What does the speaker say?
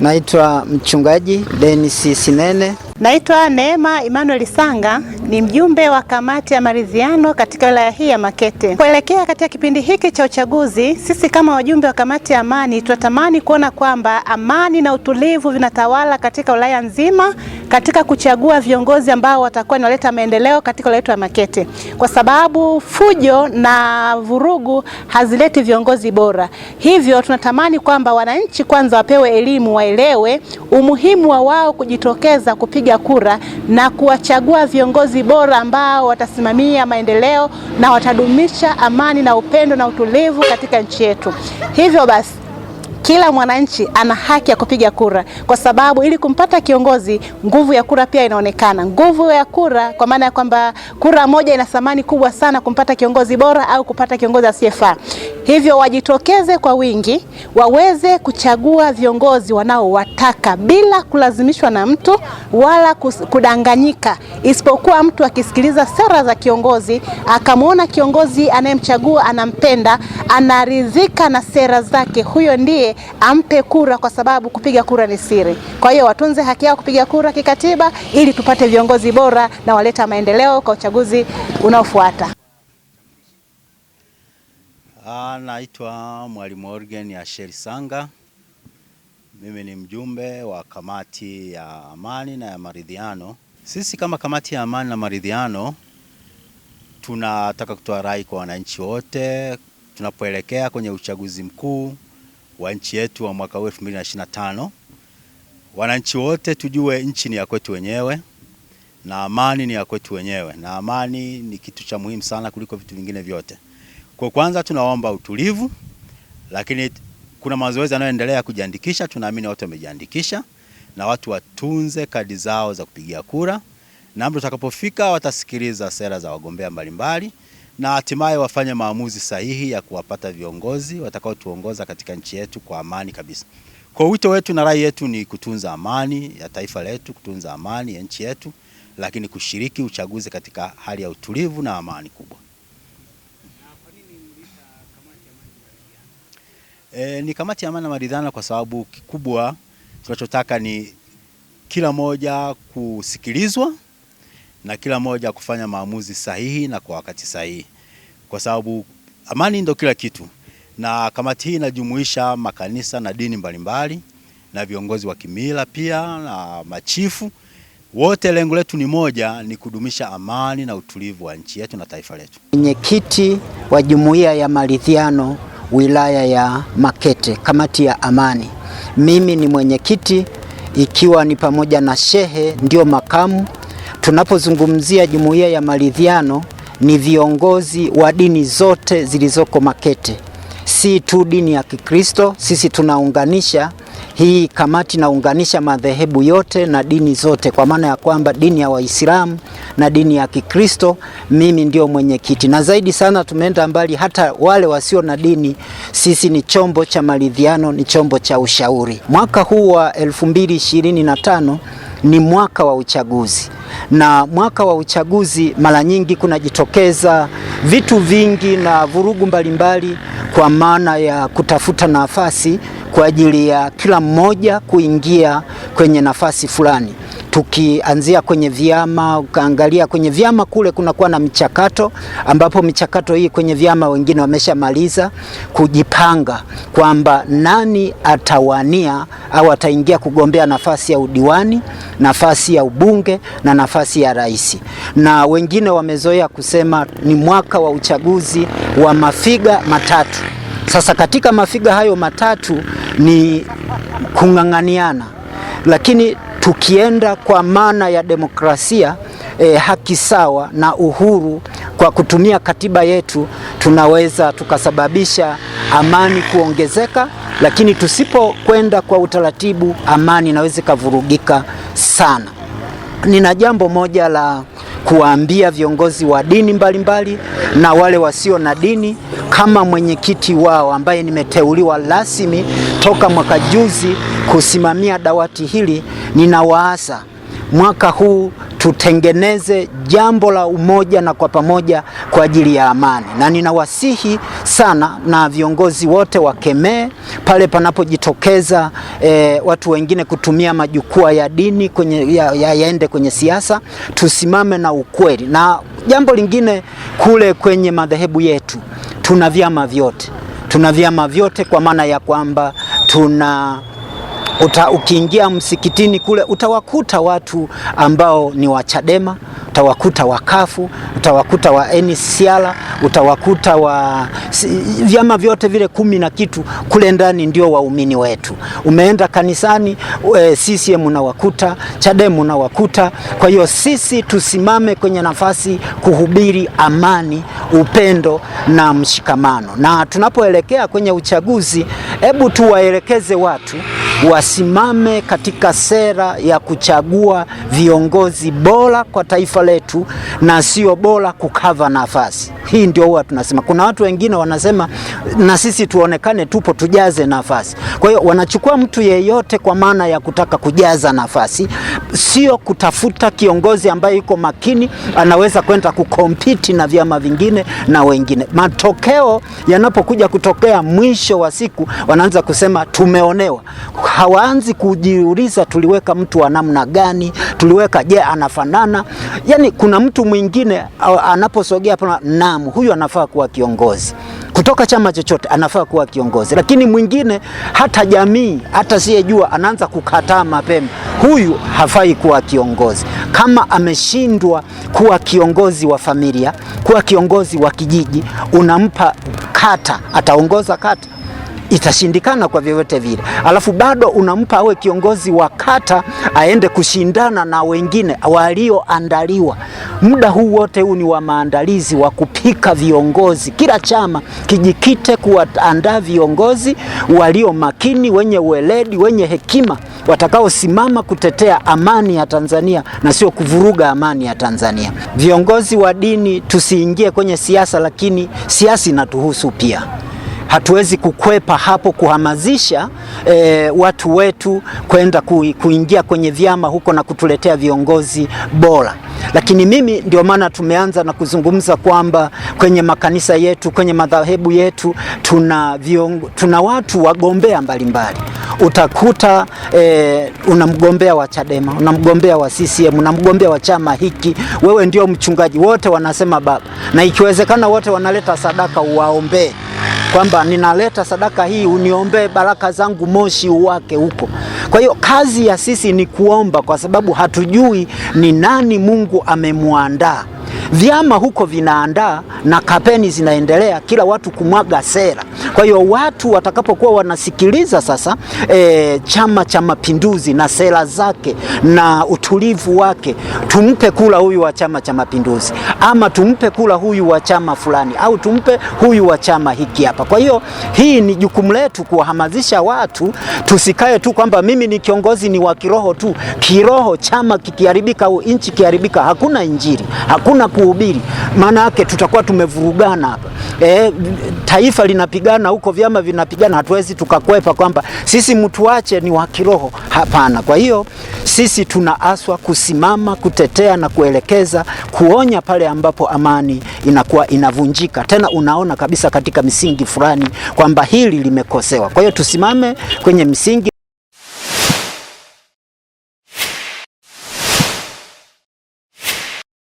Naitwa mchungaji Dennis Sinene. Naitwa Neema Emmanuel Sanga, ni mjumbe wa kamati ya maridhiano katika wilaya hii ya Makete. Kuelekea katika kipindi hiki cha uchaguzi, sisi kama wajumbe wa kamati ya amani tunatamani kuona kwamba amani na utulivu vinatawala katika wilaya nzima katika kuchagua viongozi ambao watakuwa naleta maendeleo katika letu ya Makete, kwa sababu fujo na vurugu hazileti viongozi bora. Hivyo tunatamani kwamba wananchi kwanza wapewe elimu, waelewe umuhimu wa wao kujitokeza kupiga kura na kuwachagua viongozi bora ambao watasimamia maendeleo na watadumisha amani na upendo na utulivu katika nchi yetu. Hivyo basi kila mwananchi ana haki ya kupiga kura, kwa sababu ili kumpata kiongozi, nguvu ya kura pia inaonekana. Nguvu ya kura kwa maana ya kwamba kura moja ina thamani kubwa sana kumpata kiongozi bora au kupata kiongozi asiyefaa. Hivyo wajitokeze kwa wingi waweze kuchagua viongozi wanaowataka bila kulazimishwa na mtu wala kudanganyika, isipokuwa mtu akisikiliza sera za kiongozi akamwona kiongozi anayemchagua anampenda, anaridhika na sera zake, huyo ndiye ampe kura, kwa sababu kupiga kura ni siri. Kwa hiyo watunze haki yao kupiga kura kikatiba, ili tupate viongozi bora na waleta maendeleo kwa uchaguzi unaofuata. Ah, naitwa Mwalimu Orgen Asheri Sanga. Mimi ni mjumbe wa kamati ya amani na ya maridhiano. Sisi kama kamati ya amani na maridhiano tunataka kutoa rai kwa wananchi wote tunapoelekea kwenye uchaguzi mkuu wa nchi yetu wa mwaka 2025. Wananchi wote tujue nchi ni ya kwetu wenyewe na amani ni ya kwetu wenyewe, na amani ni kitu cha muhimu sana kuliko vitu vingine vyote. Kwa kwanza tunaomba utulivu, lakini kuna mazoezi yanayoendelea kujiandikisha. Tunaamini watu wamejiandikisha, na watu watunze kadi zao za kupigia kura, na mtu utakapofika watasikiliza sera za wagombea mbalimbali na hatimaye wafanye maamuzi sahihi ya kuwapata viongozi watakaotuongoza katika nchi yetu kwa amani kabisa. Kwa wito wetu na rai yetu ni kutunza amani ya taifa letu, kutunza amani ya nchi yetu, lakini kushiriki uchaguzi katika hali ya utulivu na amani kubwa. E, ni kamati ya amani na maridhiano kwa sababu kikubwa tunachotaka ni kila moja kusikilizwa na kila moja kufanya maamuzi sahihi na kwa wakati sahihi, kwa sababu amani ndio kila kitu. Na kamati hii inajumuisha makanisa na dini mbalimbali mbali, na viongozi wa kimila pia na machifu wote. Lengo letu ni moja, ni kudumisha amani na utulivu wa nchi yetu na taifa letu. Mwenyekiti wa jumuiya ya maridhiano wilaya ya Makete, kamati ya amani. Mimi ni mwenyekiti ikiwa ni pamoja na shehe ndio makamu. Tunapozungumzia jumuiya ya maridhiano, ni viongozi wa dini zote zilizoko Makete, si tu dini ya Kikristo. Sisi tunaunganisha hii kamati inaunganisha madhehebu yote na dini zote, kwa maana ya kwamba dini ya Waislamu na dini ya Kikristo, mimi ndio mwenyekiti. Na zaidi sana tumeenda mbali, hata wale wasio na dini, sisi ni chombo cha maridhiano, ni chombo cha ushauri. Mwaka huu wa 2025 ni mwaka wa uchaguzi, na mwaka wa uchaguzi mara nyingi kunajitokeza vitu vingi na vurugu mbalimbali, kwa maana ya kutafuta nafasi kwa ajili ya kila mmoja kuingia kwenye nafasi fulani. Tukianzia kwenye vyama, ukaangalia kwenye vyama kule kunakuwa na michakato, ambapo michakato hii kwenye vyama wengine wameshamaliza kujipanga kwamba nani atawania au ataingia kugombea nafasi ya udiwani, nafasi ya ubunge na nafasi ya rais, na wengine wamezoea kusema ni mwaka wa uchaguzi wa mafiga matatu. Sasa katika mafiga hayo matatu ni kung'ang'aniana, lakini tukienda kwa maana ya demokrasia e, haki sawa na uhuru kwa kutumia katiba yetu tunaweza tukasababisha amani kuongezeka, lakini tusipokwenda kwa utaratibu, amani inaweza ikavurugika sana. Nina jambo moja la kuwaambia viongozi wa dini mbalimbali mbali, na wale wasio na dini kama mwenyekiti wao ambaye nimeteuliwa rasmi toka mwaka juzi kusimamia dawati hili, ninawaasa mwaka huu tutengeneze jambo la umoja na kwa pamoja kwa ajili ya amani, na ninawasihi sana na viongozi wote wakemee pale panapojitokeza e, watu wengine kutumia majukwaa ya dini kwenye, ya, ya, yaende kwenye siasa. Tusimame na ukweli. Na jambo lingine, kule kwenye madhehebu yetu tuna vyama vyote, tuna vyama vyote kwa maana ya kwamba tuna uta, ukiingia msikitini kule utawakuta watu ambao ni wa Chadema, utawakuta wa Kafu, utawakuta wa NCCR, utawakuta wa vyama vyote vile kumi na kitu kule ndani, ndio waumini wetu. Umeenda kanisani e, CCM unawakuta, Chadema unawakuta. Kwa hiyo sisi tusimame kwenye nafasi kuhubiri amani, upendo na mshikamano, na tunapoelekea kwenye uchaguzi, hebu tuwaelekeze watu wasimame katika sera ya kuchagua viongozi bora kwa taifa letu na sio bora kukava nafasi. Hii ndio huwa tunasema. Kuna watu wengine wanasema na sisi tuonekane tupo, tujaze nafasi. Kwa hiyo wanachukua mtu yeyote kwa maana ya kutaka kujaza nafasi, sio kutafuta kiongozi ambaye yuko makini, anaweza kwenda kukompiti na vyama vingine na wengine. Matokeo yanapokuja kutokea, mwisho wa siku wanaanza kusema tumeonewa. Hawaanzi kujiuliza tuliweka mtu wa namna gani, tuliweka je, anafanana? Yani kuna mtu mwingine anaposogea na binadamu, huyu anafaa kuwa kiongozi kutoka chama chochote, anafaa kuwa kiongozi. Lakini mwingine hata jamii hata siyejua anaanza kukataa mapema, huyu hafai kuwa kiongozi. Kama ameshindwa kuwa kiongozi wa familia, kuwa kiongozi wa kijiji, unampa kata, ataongoza kata itashindikana kwa vyovyote vile, alafu bado unampa awe kiongozi wa kata aende kushindana na wengine walioandaliwa. Muda huu wote huu ni wa maandalizi wa kupika viongozi. Kila chama kijikite kuwaandaa viongozi walio makini, wenye weledi, wenye hekima, watakaosimama kutetea amani ya Tanzania na sio kuvuruga amani ya Tanzania. Viongozi wa dini tusiingie kwenye siasa, lakini siasa inatuhusu pia hatuwezi kukwepa hapo kuhamazisha e, watu wetu kwenda kuingia kwenye vyama huko na kutuletea viongozi bora. Lakini mimi ndio maana tumeanza na kuzungumza kwamba kwenye makanisa yetu, kwenye madhehebu yetu tuna, viongo, tuna watu wagombea mbalimbali utakuta e, una mgombea wa Chadema, una mgombea wa CCM, una mgombea wa chama hiki, wewe ndio mchungaji, wote wanasema baba, na ikiwezekana wote wanaleta sadaka uwaombee kwamba ninaleta sadaka hii, uniombee baraka zangu, moshi uwake huko. Kwa hiyo kazi ya sisi ni kuomba, kwa sababu hatujui ni nani Mungu amemwandaa. Vyama huko vinaandaa na kapeni zinaendelea, kila watu kumwaga sera. Kwa hiyo watu watakapokuwa wanasikiliza sasa e, Chama cha Mapinduzi na sera zake na utulivu wake, tumpe kula huyu wa Chama cha Mapinduzi ama tumpe kula huyu wa chama fulani au tumpe huyu wa chama hiki hapa. Kwa hiyo hii ni jukumu letu kuwahamasisha watu, tusikae tu kwamba mimi ni kiongozi ni wa kiroho tu. Kiroho chama kikiharibika au nchi kiharibika, hakuna injili, hakuna kuhubiri, maana yake tutakuwa tumevurugana hapa e, taifa linapigana huko, vyama vinapigana, hatuwezi tukakwepa kwamba sisi mtuache ni wa kiroho. Hapana. Kwa hiyo sisi tunaaswa kusimama, kutetea na kuelekeza, kuonya pale ambapo amani inakuwa inavunjika. Tena unaona kabisa katika misingi fulani kwamba hili limekosewa. Kwa hiyo tusimame kwenye misingi